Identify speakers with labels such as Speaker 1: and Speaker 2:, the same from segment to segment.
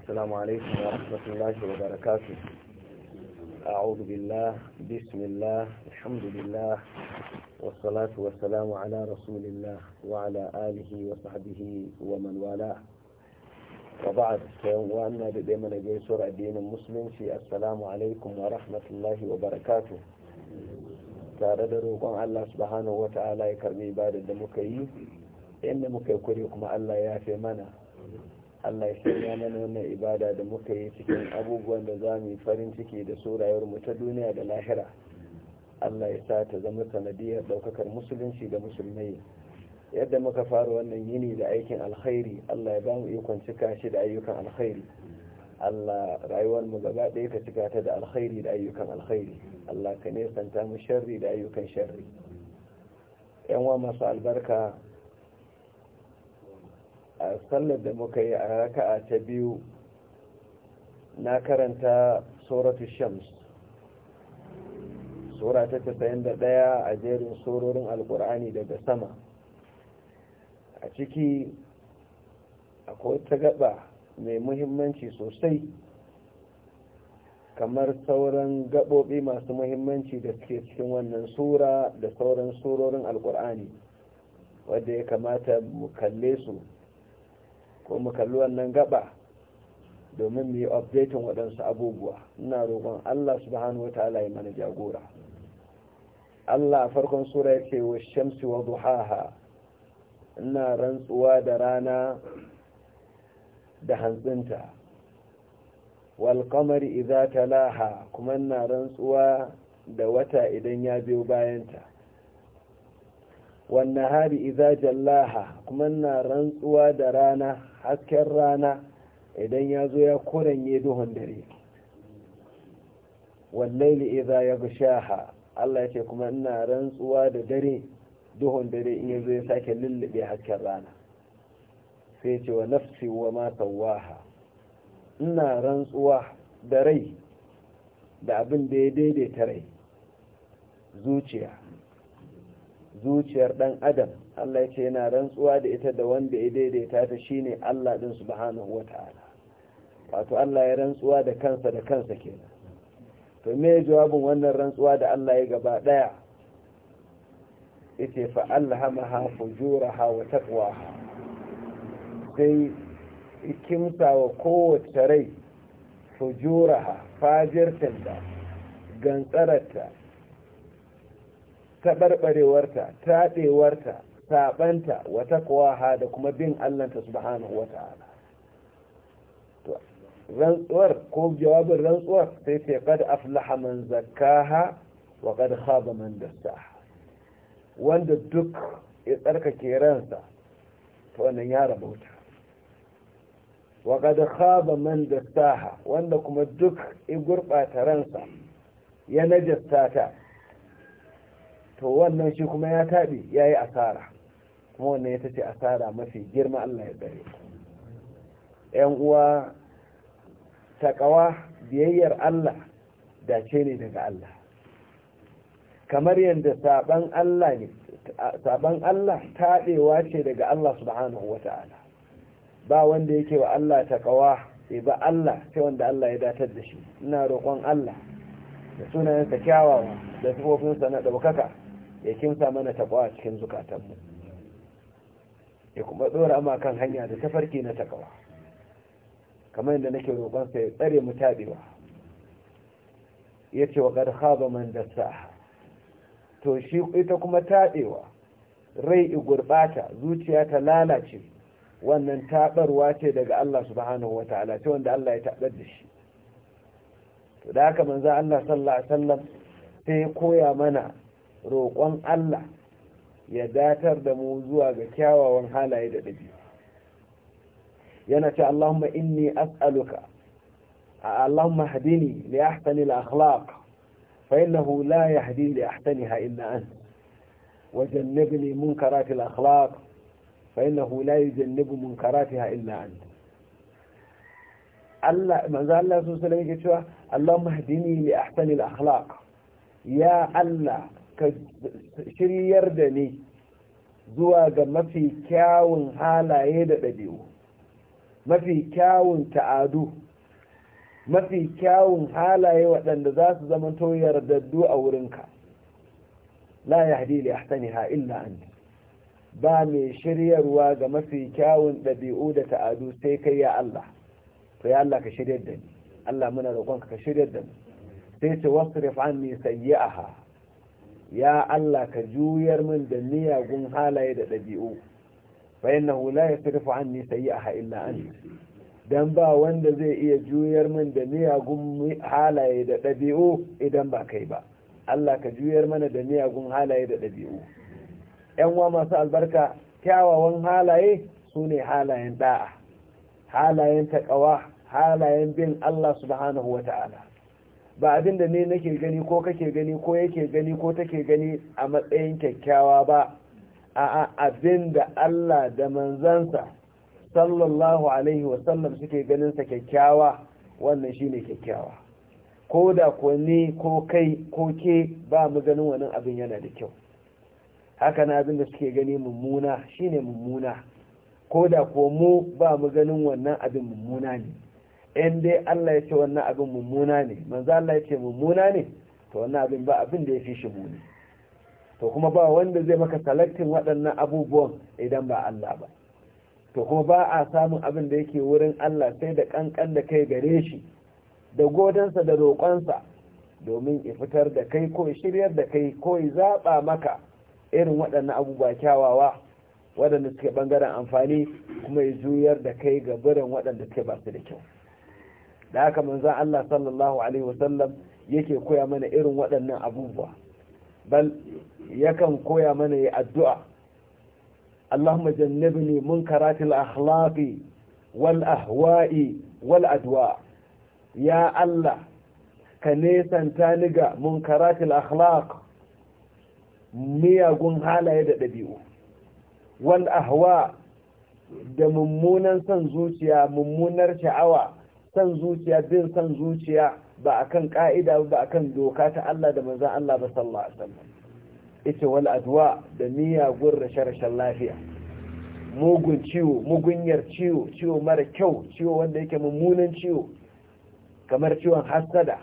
Speaker 1: السلام عليكم ورحمة الله وبركاته أعوذ بالله بسم الله الحمد لله والصلاة والسلام على رسول الله وعلى آله وصحبه ومن والاه وبعد وأنا بدأنا نجي سورة دين المسلم في السلام عليكم ورحمة الله وبركاته tare روكم الله سبحانه وتعالى يكرمي بعد الدمكي إن ibadar da muka yi inda Allah ya sanya mana wannan ibada da muka yi cikin abubuwan da za mu yi farin ciki da su mu ta duniya da lahira Allah ya sa ta zama sanadiyar ɗaukakar musulunci da musulmai yadda muka fara wannan yini da aikin alkhairi Allah ya ba mu ikon cika shi da ayyukan alkhairi Allah rayuwar mu gaba ɗaya ka cika ta da alkhairi da ayyukan alkhairi Allah ka nesanta mu sharri da ayyukan sharri yan wa masu albarka a sallar da muka yi a raka'a ta biyu na karanta suratu shams sura ta da ɗaya a jerin surorin alkur'ani daga sama a ciki akwai ta gaba mai muhimmanci sosai kamar sauran gaɓoɓi masu muhimmanci da suke cikin wannan sura da sauran surorin alkur'ani wadda ya kamata mu kalle su ko mu kalli wannan gaba domin mu yi updating waɗansu abubuwa ina roƙon Allah subhanahu wataala ya mana jagora Allah farkon sura yake wa shamsi wa duhaha ina rantsuwa da rana da hantsinta wal qamari idza talaha kuma ina rantsuwa da wata idan ya biyo bayanta wannan hari iza jallaha kuma na rantsuwa da rana hasken rana idan ya zo ya kuranye duhun dare li iza ya gushaha Allah ce kuma ina rantsuwa da dare duhun dare in ya zo ya sake lullube hasken rana sai ce wa nafsi wa ma ina rantsuwa da rai da abin da ya daidaita rai zuciya zuciyar dan adam Allah ya ce yana rantsuwa da ita da wanda ya daidaita ta shine Allah ɗin subhanahu wataala wato Allah ya rantsuwa da kansa da kansa kenan to me jawabin wannan rantsuwa da Allah ya gaba ɗaya ita fa alhamaha fujuraha wa ha sai kimsa wa kowace rai fujuraha fajirtinta gantsararta taɓarɓarewarta taɗewarta saɓanta wata taqwaha da kuma bin Allahnta subhanahu wa ta'ala rantsuwar ko jawabin rantsuwar sai ce kad aflaha man zakkaha wa kad khaba man dassaha wanda duk ya tsarkake ransa to wannan ya rabauta wa kad khaba man dassaha wanda kuma duk ya gurbata ransa ya najasta ta to wannan shi kuma ya taɓi ya yi asara kuma wannan ya ce asara mafi girma Allah ya tsare yan uwa taƙawa biyayyar Allah dace ne daga Allah kamar yadda saban Allah ne saban Allah taɗewa ce daga Allah subhanahu wa ta'ala ba wanda yake wa Allah taƙawa sai ba Allah sai wanda Allah ya datar da shi ina roƙon Allah da sunayensa kyawawa da sifofinsa na ɗaukaka ya sa mana taqwa a cikin zukatanmu ya kuma dora ma kan hanya da tafarki na taqwa kamar yadda nake roƙon sa ya tsare mu tabewa ce wa qad khaba man sa to shi ita kuma taɓewa rai gurɓata zuciya ta lalace wannan taɓarwa ce daga Allah subhanahu ta'ala ce wanda Allah ya taɓar da shi to da haka manzo Allah sallallahu alaihi wasallam sai ya koya mana roƙon Allah ya datar da mu zuwa ga kyawawan halaye da dabi. yana ce Allahumma inni as'aluka Allahumma hadini li ahsani al-akhlaq fa innahu la yahdi li ahsaniha illa an wa jannibni al anta وجنبني منكرات الأخلاق فإنه لا يجنب منكراتها إلا أنت الله من ذا الله yake cewa Allahumma hadini li اهدني al-akhlaq ya Allah ka shiryar da ni zuwa ga mafi kyawun halaye da ɗabi'u mafi kyawun ta'adu mafi kyawun halaye waɗanda za su zama to yardaddu a wurinka la ya hadili ahsaniha illa anta ba mai shiryarwa ga mafi kyawun ɗabi'u da ta'adu sai kai ya Allah to ya Allah ka shiryar da ni Allah muna roƙonka ka shiryar da mu sai ce wasrif anni sayyi'aha ya Allah ka juyar min da miyagun halaye da ɗabi'u bayan na hula ya firfa an nisa yi a ha'illa an don ba wanda zai iya juyar min da miyagun halaye da ɗabi'u idan ba kai ba Allah ka juyar mana da miyagun halaye da ɗabi'u ‘yan masu albarka kyawawan halaye su ne halayen ɗa'a halayen taƙawa halayen bin Allah subhanahu wa ba abin da ne nake gani ko kake gani ko yake gani ko take gani a matsayin kyakkyawa ba a abin da Allah da manzansa sallallahu alaihi wasallam suke ganinsa kyakkyawa wannan shine kyakkyawa ko da ko ko kai ko ke ba mu ganin wannan abin yana da kyau haka na abin da suke gani mummuna shine mummuna ko da ko mu ba mu ganin wannan abin mummuna ne in dai Allah ya ce wannan abin mummuna ne manzo Allah ya ce mummuna ne to wannan abin ba abin da ya fi shi muni to kuma ba wanda zai maka selecting waɗannan abubuwan idan ba Allah ba to kuma ba a samun abin da yake wurin Allah sai da kankan da kai gare shi da godansa da roƙonsa domin ya fitar da kai ko shiryar da kai ko ya zaɓa maka irin waɗannan abubuwa kyawawa waɗanda suke ɓangaren amfani kuma ya juyar da kai ga biran waɗanda suke ba su da kyau da haka manzan Allah sallallahu Alaihi wasallam yake koya mana irin waɗannan abubuwa bal yakan koya mana ya addu’a Allahumma jannabni mun karatil akhlaqi wal ahwa’i wal adwa ya Allah ka nesanta ni mun karatil akhlaq miyagun halaye da ɗabi’u wal ahwa da mummunan son zuciya mummunar sha'awa san zuciya bin san zuciya ba akan ka'ida ba akan doka ta Allah da maza Allah ba sallallahu alaihi ita wal adwa da miyagun rashe-rashen lafiya mugun ciwo mugunyar ciwo ciwo mara kyau ciwo wanda yake mummunan ciwo kamar ciwon hassada,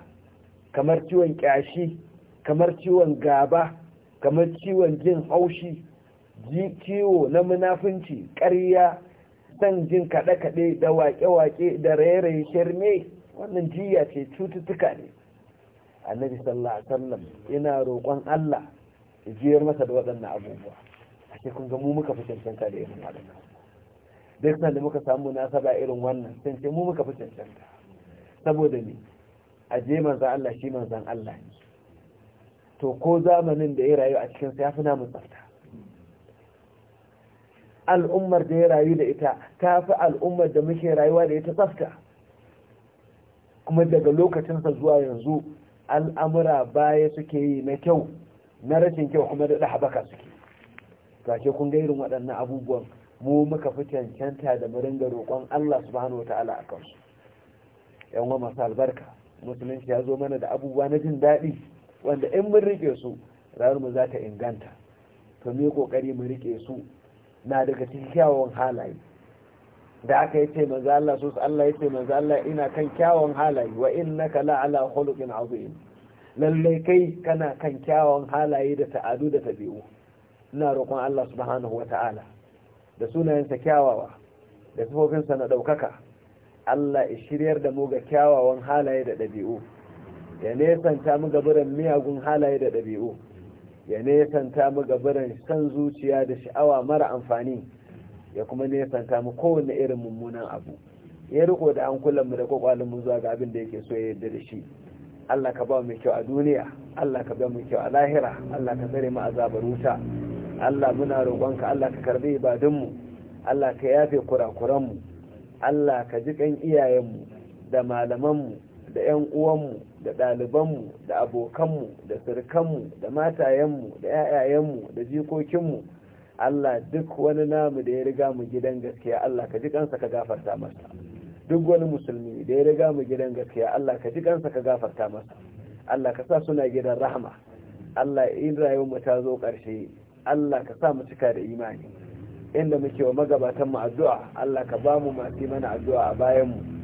Speaker 1: kamar ciwon kyashi kamar ciwon gaba kamar ciwon jin haushi ciwo na munafunci ƙarya dan jin kaɗe-kaɗe da waƙe-waƙe da raye-raye shirme wannan jiya ce cututtuka ne annabi sallallahu alaihi wasallam ina roƙon Allah ya jiyar masa da waɗannan abubuwa ake kun ga mu muka fi cancanta da irin waɗannan duk san da muka samu nasaba irin wannan san ce mu muka fi cancanta saboda ne a je manzan Allah shi manzan Allah ne to ko zamanin da ya rayu a cikin sa ya fi namun tsafta al'ummar da ya rayu da ita ta fi al'ummar da muke rayuwa da ita tsafta kuma daga lokacinsa zuwa yanzu al'amura baya suke yi na kyau na rashin kyau kuma da haɓaka suke gashe kun ga irin waɗannan abubuwan mu muka fi cancanta da mu ringa roƙon Allah subhanahu wata'ala a kansu yan wa masu albarka musulunci ya zo mana da abubuwa na jin daɗi wanda in mun rike su rayuwar mu za ta inganta to me yi ƙoƙari mu rike su na daga cikin kyawun halaye da aka yace manzo Allah su Allah yace manzo Allah ina kan kyawawan halaye wa innaka la ala khuluqin azim lalle kai kana kan kyawawan halaye da ta'adu da tabi'u ina roƙon Allah subhanahu wata'ala da sunayensa kyawawa da sa na ɗaukaka Allah ya shiryar da mu ga kyawawan halaye da dabi'u. ya nesanta mu ga buran miyagun halaye da dabi'u? ya nesanta mu gabaran san zuciya da sha'awa mara amfani ya kuma nesanta mu kowane irin mummunan abu ya riko da an kula mu da kwakwalin mu zuwa ga abin da yake so ya yarda da shi Allah ka ba mu kyau a duniya Allah ka ba mu kyau a lahira Allah ka tsare mu azabar wuta Allah muna roƙonka Allah ka karbi mu Allah ka yafe kurakuran mu Allah ka ji kan mu da malaman mu da 'yan uwanmu da ɗalibanmu da abokanmu da sirkanmu da matayenmu da 'ya'yayenmu da jikokinmu Allah duk wani namu da ya riga mu gidan gaskiya Allah ka ji kansa ka gafarta masa duk wani musulmi da ya riga mu gidan gaskiya Allah ka ji kansa ka gafarta masa Allah ka sa suna gidan rahama Allah in rayuwar mu ta zo ƙarshe Allah ka sa mu cika da imani inda muke wa magabatan mu addu'a Allah ka ba mu masu mana addu'a a bayan mu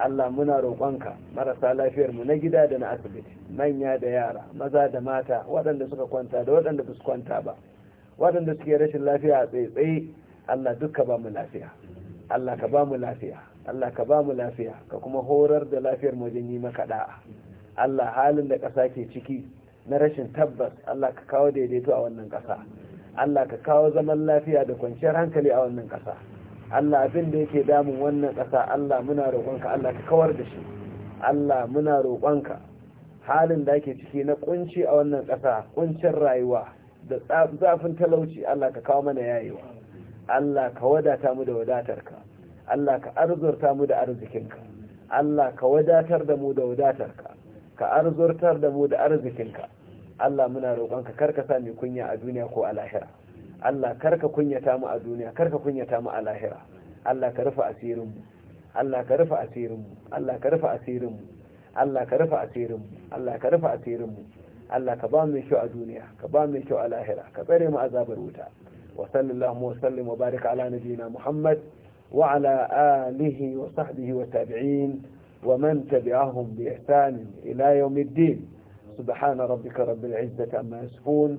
Speaker 1: Allah muna roƙonka marasa lafiyar mu na gida da na asibiti manya da yara maza da mata waɗanda suka kwanta da waɗanda ba su kwanta ba waɗanda suke rashin lafiya a tsaye Allah duka ba mu lafiya Allah ka ba mu lafiya Allah ka ba mu lafiya ka kuma horar da lafiyar mu wajen yi maka da'a Allah halin da ƙasa ke ciki na rashin tabbas Allah ka kawo daidaito a wannan ƙasa Allah ka kawo zaman lafiya da kwanciyar hankali a wannan ƙasa Allah abin da yake damun wannan ƙasa Allah muna roƙonka Allah ka kawar da shi Allah muna roƙonka halin da ake ciki na kunci a wannan ƙasa kuncin rayuwa da zafin talauci Allah ka kawo mana yayewa Allah ka wadata mu da wadatarka Allah ka arzurta mu da arzikinka Allah ka wadatar da mu da wadatarka ka arzurtar da mu da arzikinka Allah muna roƙonka ka sa mai kunya a duniya ko a lahira Allah karka kunyata mu a duniya karka kunyata mu a lahira Allah ka rufe asirinmu Allah ka rufe asirinmu Allah ka rufe asirinmu Allah ka rufe asirinmu Allah ka rufe asirinmu Allah ka ba mu kyau a duniya ka ba mu kyau a lahira ka tsare mu azabar wuta wa sallallahu wa sallim wa barika ala nabiyyina Muhammad wa ala alihi wa sahbihi wa tabi'in wa man tabi'ahum bi ihsan ila yawm الدين سبحان ربك رب العزة عما يصفون